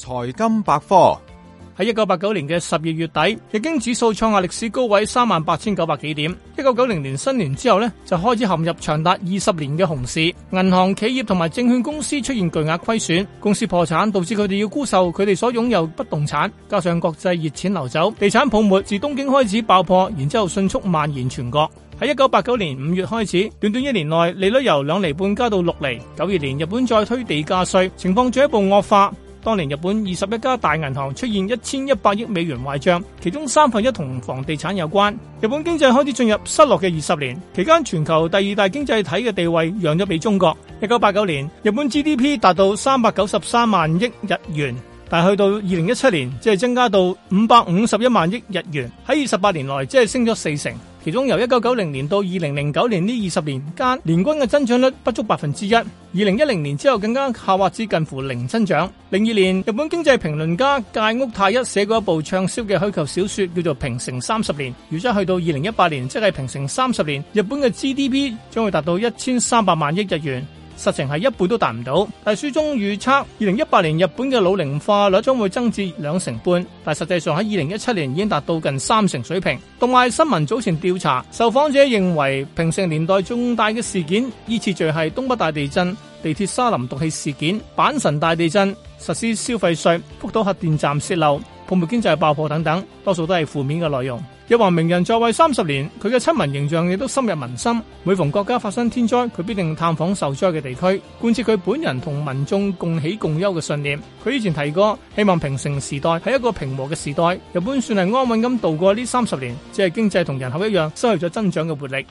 財金百科，喺一九八九年嘅十二月底，日經指數創下歷史高位三萬八千九百幾點。一九九零年新年之後呢，就開始陷入長達二十年嘅熊市。銀行企業同埋證券公司出現巨額虧損，公司破產導致佢哋要沽售佢哋所擁有不動產。加上國際熱錢流走，地產泡沫自東京開始爆破，然之後迅速蔓延全國。喺一九八九年五月開始，短短一年內利率由兩厘半加到六厘。九二年日本再推地價稅，情況進一步惡化。當年日本二十一家大銀行出現一千一百億美元壞賬，其中三分一同房地產有關。日本經濟開始進入失落嘅二十年，期間全球第二大經濟體嘅地位讓咗俾中國。一九八九年，日本 GDP 達到三百九十三萬億日元。但去到二零一七年，即係增加到五百五十一萬億日元，喺二十八年內即係升咗四成。其中由一九九零年到二零零九年呢二十年間，年均嘅增長率不足百分之一。二零一零年之後更加下滑至近乎零增長。零二年日本經濟評論家堺屋太一寫過一部暢銷嘅虛構小説，叫做《平成三十年》。預測去到二零一八年，即係平成三十年，日本嘅 GDP 將會達到一千三百萬億日元。實情係一半都達唔到，但係書中預測二零一八年日本嘅老齡化率將會增至兩成半，但係實際上喺二零一七年已經達到近三成水平。同埋，新聞早前調查，受訪者認為平成年代重大嘅事件依次序係東北大地震、地鐵沙林毒氣事件、阪神大地震、實施消費稅、福島核電站洩漏、泡沫經濟爆破等等，多數都係負面嘅內容。又話明仁在位三十年，佢嘅親民形象亦都深入民心。每逢國家發生天災，佢必定探訪受災嘅地區，貫徹佢本人同民眾共喜共憂嘅信念。佢以前提過，希望平成時代係一個平和嘅時代。日本算係安穩咁度過呢三十年，只係經濟同人口一樣失去咗增長嘅活力。